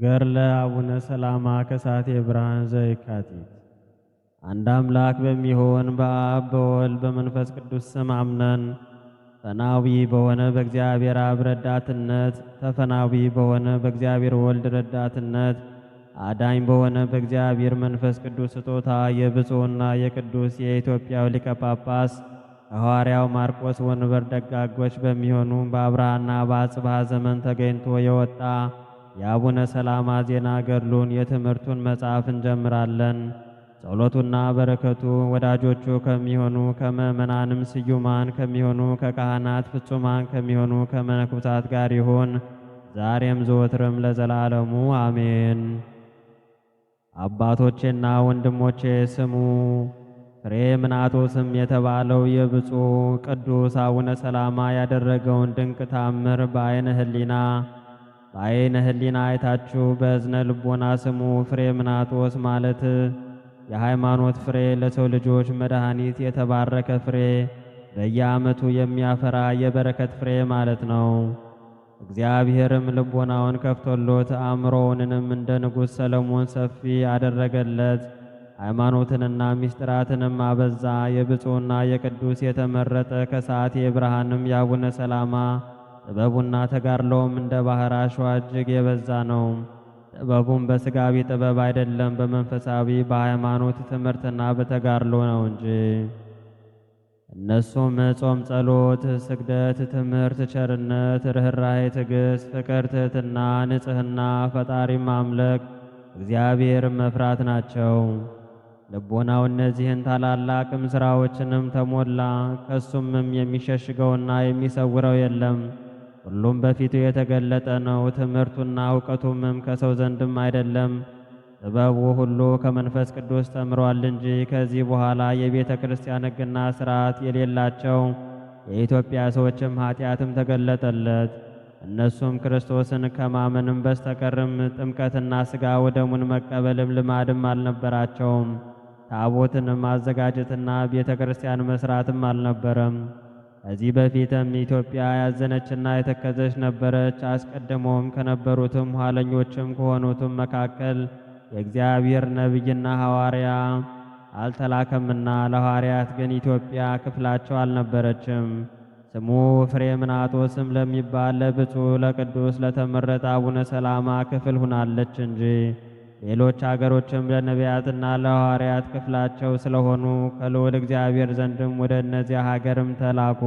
ገርለ አቡነ ሰላማ ከሳቴ ብርሃን ዘየካቲት። አንድ አምላክ በሚሆን በአብ በወልድ በመንፈስ ቅዱስ ስም አምነን ፈናዊ በሆነ በእግዚአብሔር አብ ረዳትነት ተፈናዊ በሆነ በእግዚአብሔር ወልድ ረዳትነት አዳኝ በሆነ በእግዚአብሔር መንፈስ ቅዱስ ስጦታ የብፁዕና የቅዱስ የኢትዮጵያው ሊቀ ጳጳስ ሐዋርያው ማርቆስ ወንበር ደጋጎች በሚሆኑ በአብርሃና በአጽብሃ ዘመን ተገኝቶ የወጣ የአቡነ ሰላማ ዜና ገድሉን የትምህርቱን መጽሐፍ እንጀምራለን። ጸሎቱና በረከቱ ወዳጆቹ ከሚሆኑ ከምእመናንም ስዩማን ከሚሆኑ ከካህናት ፍጹማን ከሚሆኑ ከመነኮሳት ጋር ይሁን ዛሬም ዘወትርም ለዘላለሙ አሜን። አባቶቼና ወንድሞቼ ስሙ። ስም የተባለው የብፁዕ ቅዱስ አቡነ ሰላማ ያደረገውን ድንቅ ታምር በአይነ ህሊና። አይነ ህሊና አይታችሁ በእዝነ ልቦና ስሙ። ፍሬ ምናጦስ ማለት የሃይማኖት ፍሬ፣ ለሰው ልጆች መድኃኒት፣ የተባረከ ፍሬ፣ በየዓመቱ የሚያፈራ የበረከት ፍሬ ማለት ነው። እግዚአብሔርም ልቦናውን ከፍቶሎት አእምሮውንንም እንደ ንጉሥ ሰለሞን ሰፊ አደረገለት። ሃይማኖትንና ምስጢራትንም አበዛ። የብፁዕና የቅዱስ የተመረጠ ከሰዓት የብርሃንም የአቡነ ሰላማ ጥበቡና ተጋርሎም እንደ ባህር አሸዋ እጅግ የበዛ ነው። ጥበቡም በሥጋዊ ጥበብ አይደለም፣ በመንፈሳዊ በሃይማኖት ትምህርትና በተጋድሎ ነው እንጂ። እነሱም ጾም፣ ጸሎት፣ ስግደት፣ ትምህርት፣ ቸርነት፣ ርኅራኄ፣ ትዕግሥት፣ ፍቅር፣ ትሕትና፣ ንጽሕና፣ ፈጣሪ ማምለክ፣ እግዚአብሔር መፍራት ናቸው። ልቦናው እነዚህን ታላላቅም ሥራዎችንም ተሞላ። ከሱምም የሚሸሽገውና የሚሰውረው የለም። ሁሉም በፊቱ የተገለጠ ነው። ትምህርቱና እውቀቱምም ከሰው ዘንድም አይደለም። ጥበቡ ሁሉ ከመንፈስ ቅዱስ ተምሯል እንጂ ከዚህ በኋላ የቤተ ክርስቲያን ሕግና ሥርዓት የሌላቸው የኢትዮጵያ ሰዎችም ኃጢአትም ተገለጠለት። እነሱም ክርስቶስን ከማመንም በስተቀርም ጥምቀትና ሥጋ ወደሙን መቀበልም ልማድም አልነበራቸውም። ታቦትንም ማዘጋጀትና ቤተ ክርስቲያን መሥራትም አልነበረም። ከዚህ በፊትም ኢትዮጵያ ያዘነችና የተከዘች ነበረች። አስቀድሞም ከነበሩትም ኋለኞችም ከሆኑትም መካከል የእግዚአብሔር ነቢይና ሐዋርያ አልተላከምና ለሐዋርያት ግን ኢትዮጵያ ክፍላቸው አልነበረችም። ስሙ ፍሬምናጦስም ለሚባል ለብፁዕ ለቅዱስ ለተመረጠ አቡነ ሰላማ ክፍል ሁናለች እንጂ ሌሎች አገሮችም ለነቢያትና ለሐዋርያት ክፍላቸው ስለሆኑ ከልዑል እግዚአብሔር ዘንድም ወደ እነዚያ ሀገርም ተላኩ።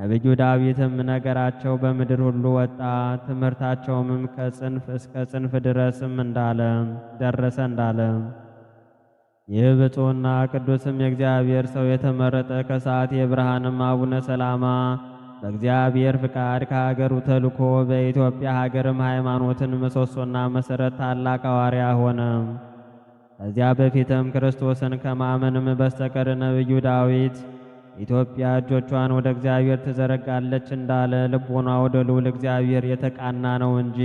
ነቢዩ ዳዊትም ነገራቸው በምድር ሁሉ ወጣ፣ ትምህርታቸውም ከጽንፍ እስከ ጽንፍ ድረስም እንዳለ ደረሰ እንዳለ ይህ ብፁዕና ቅዱስም የእግዚአብሔር ሰው የተመረጠ ከሰዓት የብርሃንም አቡነ ሰላማ በእግዚአብሔር ፍቃድ ከሀገሩ ተልኮ በኢትዮጵያ ሀገርም ሃይማኖትን ምሰሶና መሰረት ታላቅ አዋርያ ሆነ። ከዚያ በፊትም ክርስቶስን ከማመንም በስተቀር ነቢዩ ዳዊት ኢትዮጵያ እጆቿን ወደ እግዚአብሔር ትዘረጋለች እንዳለ ልቦኗ ወደ ልዑል እግዚአብሔር የተቃና ነው እንጂ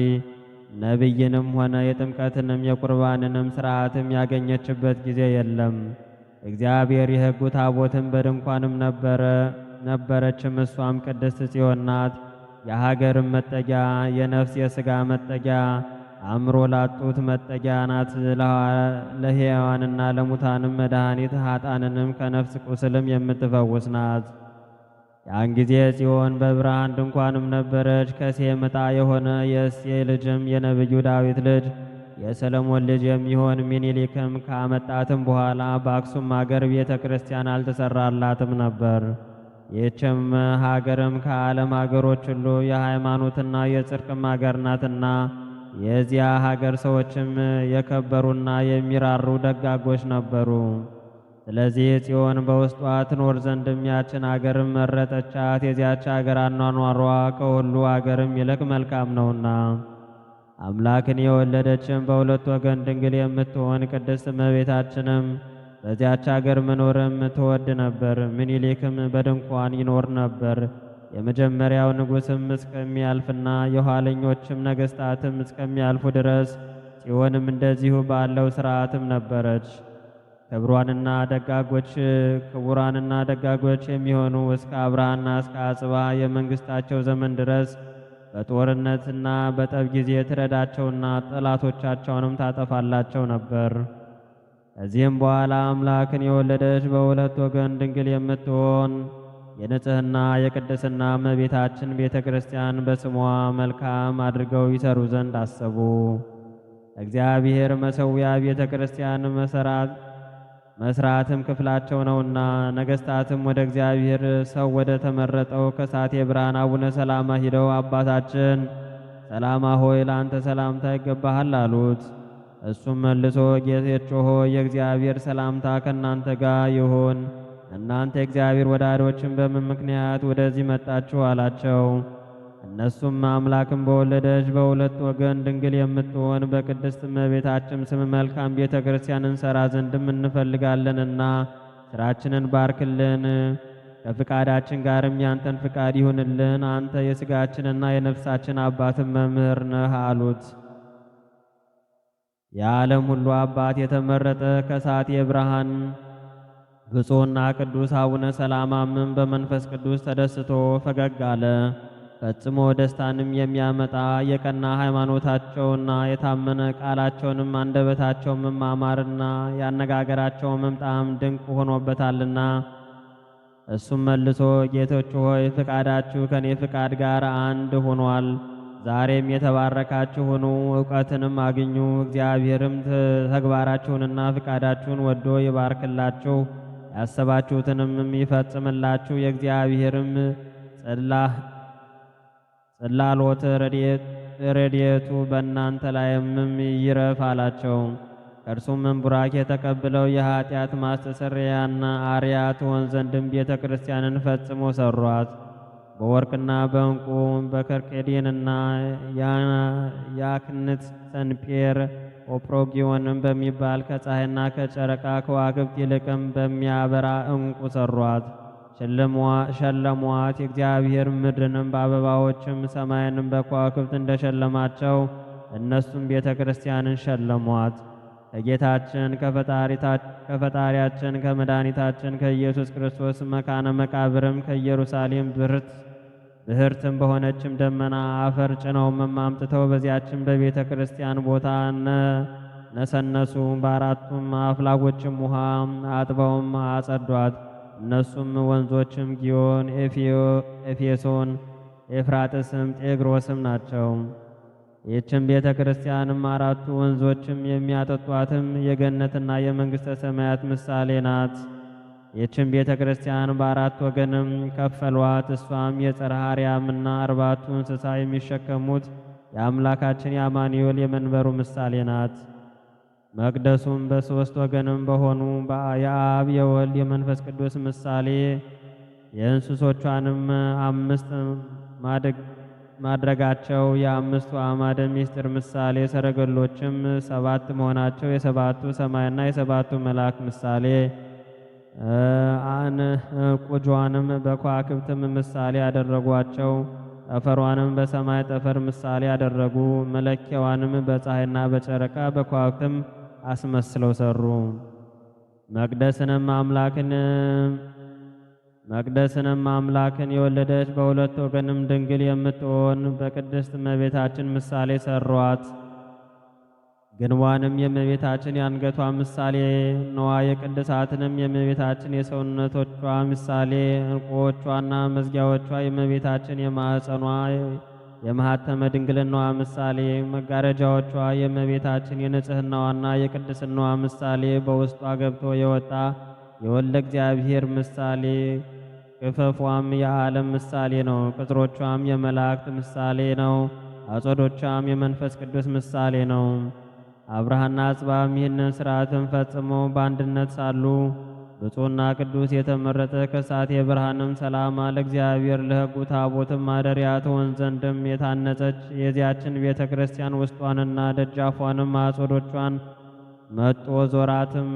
ነቢይንም ሆነ የጥምቀትንም የቁርባንንም ስርዓትም ያገኘችበት ጊዜ የለም። እግዚአብሔር የሕጉ ታቦትን በድንኳንም ነበረ ነበረችም። እሷም ቅድስት ጽዮን ናት። የሀገርም መጠጊያ፣ የነፍስ የሥጋ መጠጊያ፣ አእምሮ ላጡት መጠጊያ ናት። ለሕያዋንና ለሙታንም መድኃኒት፣ ኃጣንንም ከነፍስ ቁስልም የምትፈውስ ናት። ያን ጊዜ ጽዮን በብርሃን ድንኳንም ነበረች። ከሴም ዕጣ የሆነ የእሴ ልጅም የነቢዩ ዳዊት ልጅ የሰለሞን ልጅ የሚሆን ሚኒሊክም ካመጣትም በኋላ በአክሱም አገር ቤተ ክርስቲያን አልተሰራላትም ነበር። ይህችም ሀገርም ከዓለም ሀገሮች ሁሉ የሃይማኖትና የጽድቅም ሀገር ናትና የዚያ ሀገር ሰዎችም የከበሩና የሚራሩ ደጋጎች ነበሩ። ስለዚህ ጽዮን በውስጧ ትኖር ዘንድም ያችን አገርም መረጠቻት። የዚያች አገር አኗኗሯ ከሁሉ አገርም ይልቅ መልካም ነውና አምላክን የወለደችም በሁለት ወገን ድንግል የምትሆን ቅድስት እመቤታችንም በዚያች አገር መኖርም ትወድ ነበር። ምኒልክም በድንኳን ይኖር ነበር። የመጀመሪያው ንጉሥም እስከሚያልፍና የኋለኞችም ነገሥታትም እስከሚያልፉ ድረስ ጽዮንም እንደዚሁ ባለው ሥርዓትም ነበረች። ክብሯንና ደጋጎች ክቡራንና ደጋጎች የሚሆኑ እስከ አብርሃና እስከ አጽባ የመንግሥታቸው ዘመን ድረስ በጦርነትና በጠብ ጊዜ ትረዳቸውና ጠላቶቻቸውንም ታጠፋላቸው ነበር። ከዚህም በኋላ አምላክን የወለደች በሁለት ወገን ድንግል የምትሆን የንጽህና የቅድስና እመቤታችን ቤተ ክርስቲያን በስሟ መልካም አድርገው ይሰሩ ዘንድ አሰቡ። እግዚአብሔር መሰዊያ ቤተ ክርስቲያን መስራትም ክፍላቸው ነውና፣ ነገስታትም ወደ እግዚአብሔር ሰው ወደ ተመረጠው ከሳቴ ብርሃን አቡነ ሰላማ ሂደው አባታችን ሰላማ ሆይ ለአንተ ሰላምታ ይገባሃል አሉት። እሱም መልሶ ጌቴቾ ሆይ የእግዚአብሔር ሰላምታ ከእናንተ ጋር ይሁን። እናንተ የእግዚአብሔር ወዳዶችን በምን ምክንያት ወደዚህ መጣችሁ? አላቸው። እነሱም አምላክን በወለደች በሁለት ወገን ድንግል የምትሆን በቅድስት እመቤታችን ስም መልካም ቤተ ክርስቲያን እንሰራ ዘንድም እንፈልጋለንና ስራችንን ባርክልን፣ ከፍቃዳችን ጋርም ያንተን ፍቃድ ይሁንልን፣ አንተ የስጋችንና የነፍሳችን አባትን መምህር ነህ አሉት። የዓለም ሁሉ አባት የተመረጠ ከሳቴ ብርሃን ብፁዕና ቅዱስ አቡነ ሰላማምን በመንፈስ ቅዱስ ተደስቶ ፈገግ አለ። ፈጽሞ ደስታንም የሚያመጣ የቀና ሃይማኖታቸውና የታመነ ቃላቸውንም አንደበታቸው መማማርና ያነጋገራቸው መምጣም ድንቅ ሆኖበታልና እሱም መልሶ ጌቶች ሆይ ፍቃዳችሁ ከእኔ ፍቃድ ጋር አንድ ሆኗል ዛሬም የተባረካችሁ ሁኑ፣ እውቀትንም አግኙ። እግዚአብሔርም ተግባራችሁንና ፍቃዳችሁን ወዶ ይባርክላችሁ፣ ያሰባችሁትንም ይፈጽምላችሁ። የእግዚአብሔርም ጽላሎት ረድኤቱ በእናንተ ላይም ይረፍ አላቸው። ከእርሱም ቡራኬ የተቀብለው የኃጢአት ማስተሰሪያና አርያ ትሆን ዘንድም ቤተ ክርስቲያንን ፈጽሞ ሰሯት። በወርቅና በእንቁ በከርቄዴንና ያክንት ሰንፔር ኦፕሮጊዮንም በሚባል ከፀሐይና ከጨረቃ ከዋክብት ይልቅም በሚያበራ እንቁ ሰሯት ሸለሟት። የእግዚአብሔር ምድርንም በአበባዎችም ሰማይንም በከዋክብት እንደሸለማቸው እነሱም ቤተ ክርስቲያንን ሸለሟት። ከጌታችን ከፈጣሪያችን ከመድኃኒታችን ከኢየሱስ ክርስቶስ መካነ መቃብርም ከኢየሩሳሌም ብርት ብህርትም በሆነችም ደመና አፈር ጭነውም አምጥተው በዚያችን በቤተ ክርስቲያን ቦታ ነሰነሱ። በአራቱም አፍላጎችም ውሃ አጥበውም አጸዷት። እነሱም ወንዞችም ጊዮን፣ ኤፌሶን፣ ኤፍራጥስም ጤግሮስም ናቸው። ይህችም ቤተ ክርስቲያንም አራቱ ወንዞችም የሚያጠጧትም የገነትና የመንግሥተ ሰማያት ምሳሌ ናት። ይህችም ቤተ ክርስቲያን በአራት ወገንም ከፈሏት። እሷም የጸረ ሐርያምና አርባቱ እንስሳ የሚሸከሙት የአምላካችን የአማኑኤል የመንበሩ ምሳሌ ናት። መቅደሱም በሦስት ወገንም በሆኑ የአብ የወልድ የመንፈስ ቅዱስ ምሳሌ የእንስሶቿንም አምስት ማድግ ማድረጋቸው የአምስቱ አዕማደ ምስጢር ምሳሌ፣ ሰረገሎችም ሰባት መሆናቸው የሰባቱ ሰማይና የሰባቱ መልአክ ምሳሌ፣ አን ቁጇንም በከዋክብትም ምሳሌ ያደረጓቸው። ጠፈሯንም በሰማይ ጠፈር ምሳሌ ያደረጉ። መለኪያዋንም በፀሐይና በጨረቃ በከዋክብትም አስመስለው ሰሩ። መቅደስንም አምላክን መቅደስንም አምላክን የወለደች በሁለት ወገንም ድንግል የምትሆን በቅድስት እመቤታችን ምሳሌ ሰሯት። ግንቧንም የእመቤታችን የአንገቷ ምሳሌ፣ ነዋ የቅድሳትንም የእመቤታችን የሰውነቶቿ ምሳሌ፣ እንቁዎቿና መዝጊያዎቿ የእመቤታችን የማኅፀኗ የማኅተመ ድንግልናዋ ምሳሌ፣ መጋረጃዎቿ የእመቤታችን የንጽህናዋና የቅድስናዋ ምሳሌ፣ በውስጧ ገብቶ የወጣ የወልደ እግዚአብሔር ምሳሌ ክፈፏም የዓለም ምሳሌ ነው። ቅጥሮቿም የመላእክት ምሳሌ ነው። አጾዶቿም የመንፈስ ቅዱስ ምሳሌ ነው። አብርሃና አጽባም ይህንን ስርዓትን ፈጽመው በአንድነት ሳሉ ብፁዕና ቅዱስ የተመረጠ ከሳት የብርሃንም ሰላም ለእግዚአብሔር ለሕጉ ታቦትም ማደሪያ ትሆን ዘንድም የታነጸች የዚያችን ቤተ ክርስቲያን ውስጧንና ደጃፏንም አጸዶቿን መጦ ዞራትም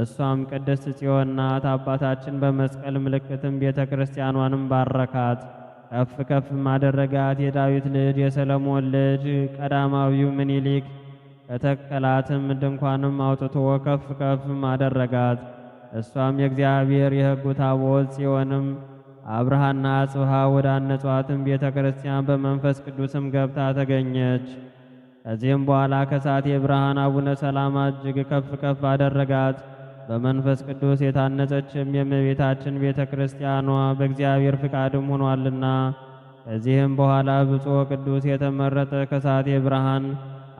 እሷም ቅድስት ጽዮን ናት። አባታችን በመስቀል ምልክትም ቤተ ክርስቲያኗንም ባረካት፣ ከፍ ከፍ ማደረጋት የዳዊት ልጅ የሰለሞን ልጅ ቀዳማዊው ምኒልክ ከተከላትም ድንኳንም አውጥቶ ከፍ ከፍ ማደረጋት። እሷም የእግዚአብሔር የሕጉ ታቦት ጽዮንም አብርሃና አጽብሃ ወዳነጿትም ቤተ ክርስቲያን በመንፈስ ቅዱስም ገብታ ተገኘች። ከዚህም በኋላ ከሳቴ ብርሃን አቡነ ሰላማ እጅግ ከፍ ከፍ አደረጋት። በመንፈስ ቅዱስ የታነጸችም የእመቤታችን ቤተ ክርስቲያኗ በእግዚአብሔር ፍቃድም ሆኗልና። ከዚህም በኋላ ብፁዕ ቅዱስ የተመረጠ ከሳቴ ብርሃን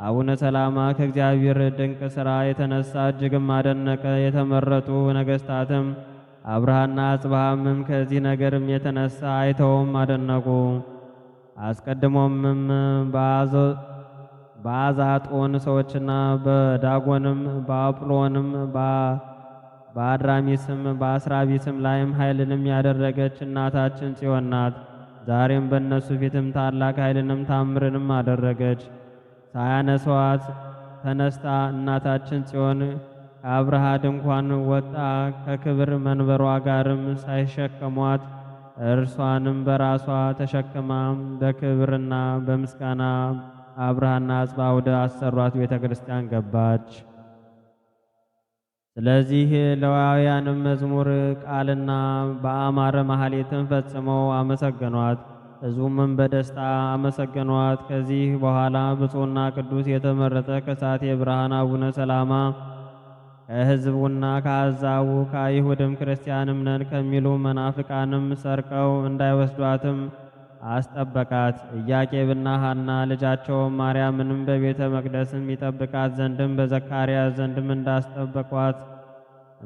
አቡነ ሰላማ ከእግዚአብሔር ድንቅ ሥራ የተነሳ እጅግም አደነቀ። የተመረጡ ነገሥታትም አብርሃና አጽብሃምም ከዚህ ነገርም የተነሳ አይተውም አደነቁ። አስቀድሞምም በአዛጦን ሰዎችና በዳጎንም በአጵሎንም በአስራ ቤትም ላይም ኃይልንም ያደረገች እናታችን ጽዮን ናት። ዛሬም በእነሱ ፊትም ታላቅ ኃይልንም ታምርንም አደረገች። ሳያነሰዋት ተነስታ እናታችን ጽዮን ከአብርሃ ድንኳን ወጣ። ከክብር መንበሯ ጋርም ሳይሸከሟት እርሷንም በራሷ ተሸክማ በክብርና በምስጋና አብርሃና አጽብዓ ወደ አሰሯት ቤተ ክርስቲያን ገባች። ስለዚህ ለዋውያንም መዝሙር ቃልና በአማረ ማህሌትን ፈጽመው አመሰገኗት። ሕዝቡም በደስታ አመሰገኗት። ከዚህ በኋላ ብፁዕና ቅዱስ የተመረጠ ከሳቴ ብርሃን አቡነ ሰላማ ከሕዝቡና ከአሕዛቡ ከአይሁድም ክርስቲያንም ነን ከሚሉ መናፍቃንም ሰርቀው እንዳይወስዷትም አስጠበቃት። ኢያቄብና ሐና ልጃቸውም ማርያምንም በቤተ መቅደስም ይጠብቃት ዘንድም በዘካርያስ ዘንድም እንዳስጠበቋት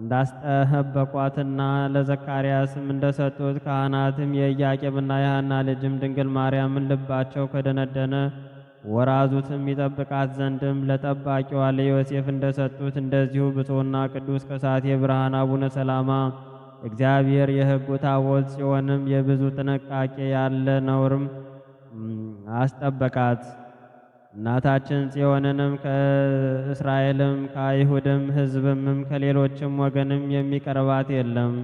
እንዳስጠበቋትና ለዘካርያስም እንደሰጡት ካህናትም የኢያቄብና የሐና ልጅም ድንግል ማርያምን ልባቸው ከደነደነ ወራዙትም ይጠብቃት ዘንድም ለጠባቂዋ ለዮሴፍ እንደሰጡት እንደዚሁ ብፁዕና ቅዱስ ከሳቴ ብርሃን አቡነ ሰላማ እግዚአብሔር የሕጉ ታቦት ሲሆንም የብዙ ጥንቃቄ ያለ ነውርም አስጠበቃት። እናታችን ጽዮንንም ከእስራኤልም ከአይሁድም ሕዝብምም ከሌሎችም ወገንም የሚቀርባት የለም።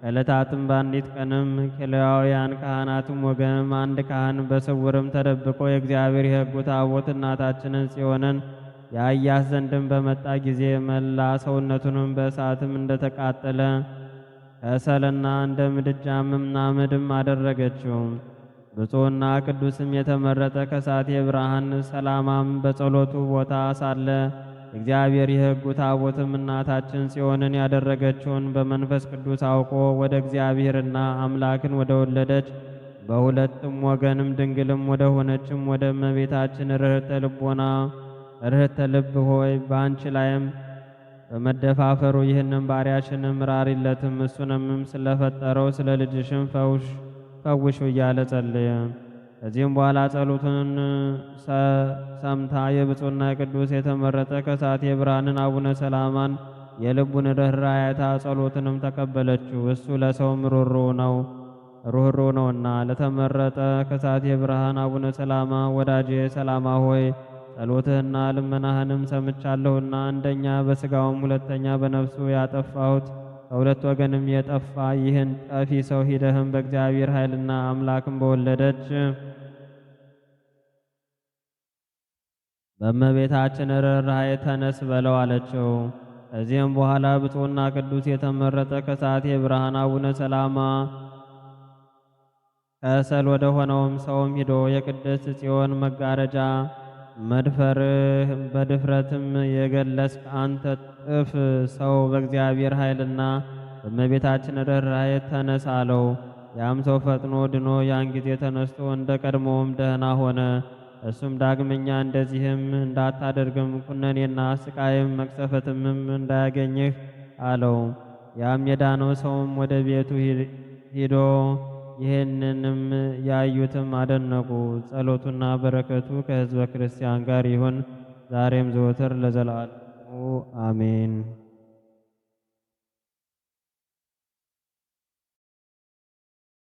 ከዕለታትም በአንዲት ቀንም ከሌዋውያን ካህናትም ወገንም አንድ ካህን በስውርም ተደብቆ የእግዚአብሔር የሕጉ ታቦት እናታችንን ጽዮንን ያያት ዘንድም በመጣ ጊዜ መላ ሰውነቱንም በእሳትም እንደተቃጠለ እሰልና እንደ ምድጃም ምናምድም አደረገችው። ብፁዕና ቅዱስም የተመረጠ ከሳቴ ብርሃን ሰላማም በጸሎቱ ቦታ ሳለ እግዚአብሔር የሕጉ ታቦትም እናታችን ጽዮንን ያደረገችውን በመንፈስ ቅዱስ አውቆ ወደ እግዚአብሔርና አምላክን ወደ ወለደች በሁለትም ወገንም ድንግልም ወደ ሆነችም ወደ እመቤታችን ርኅተ ልቦና ርኅተ ልብ ሆይ በአንቺ ላይም በመደፋፈሩ ይህንም ባሪያሽንም ራሪለትም እሱንም ስለፈጠረው ስለ ልጅሽም ፈውሽ ፈውሹ እያለ ጸለየ። ከዚህም በኋላ ጸሎቱን ሰምታ የብፁና የቅዱስ የተመረጠ ከሳቴ ብርሃንን አቡነ ሰላማን የልቡን ርኅራኄ ጸሎትንም ተቀበለችው። እሱ ለሰውም ሩሩ ነው ሩህሩ ነውና ለተመረጠ ከሳቴ ብርሃን አቡነ ሰላማ ወዳጄ ሰላማ ሆይ ጸሎትህና ልመናህንም ሰምቻለሁና አንደኛ በስጋውም ሁለተኛ በነፍሱ ያጠፋሁት ከሁለት ወገንም የጠፋ ይህን ጠፊ ሰው ሂደህም በእግዚአብሔር ኃይልና አምላክም በወለደች በእመቤታችን ርኅራኄ ተነስ በለው አለችው። ከዚህም በኋላ ብፁዕና ቅዱስ የተመረጠ ከሳቴ ብርሃን አቡነ ሰላማ ከሰል ወደ ሆነውም ሰውም ሂዶ የቅድስት ጽዮን መጋረጃ መድፈርህ በድፍረትም የገለጽ አንተ ጥፍ ሰው በእግዚአብሔር ኃይልና በእመቤታችን ርኅራኄ ተነስ አለው። ያም ሰው ፈጥኖ ድኖ ያን ጊዜ ተነስቶ እንደ ቀድሞውም ደህና ሆነ። እሱም ዳግመኛ እንደዚህም እንዳታደርግም ኩነኔና ስቃይም መቅሰፈትምም እንዳያገኝህ አለው። ያም የዳነው ሰውም ወደ ቤቱ ሂዶ ይህንንም ያዩትም አደነቁ። ጸሎቱና በረከቱ ከሕዝበ ክርስቲያን ጋር ይሁን ዛሬም ዘወትር ለዘላለሙ አሜን።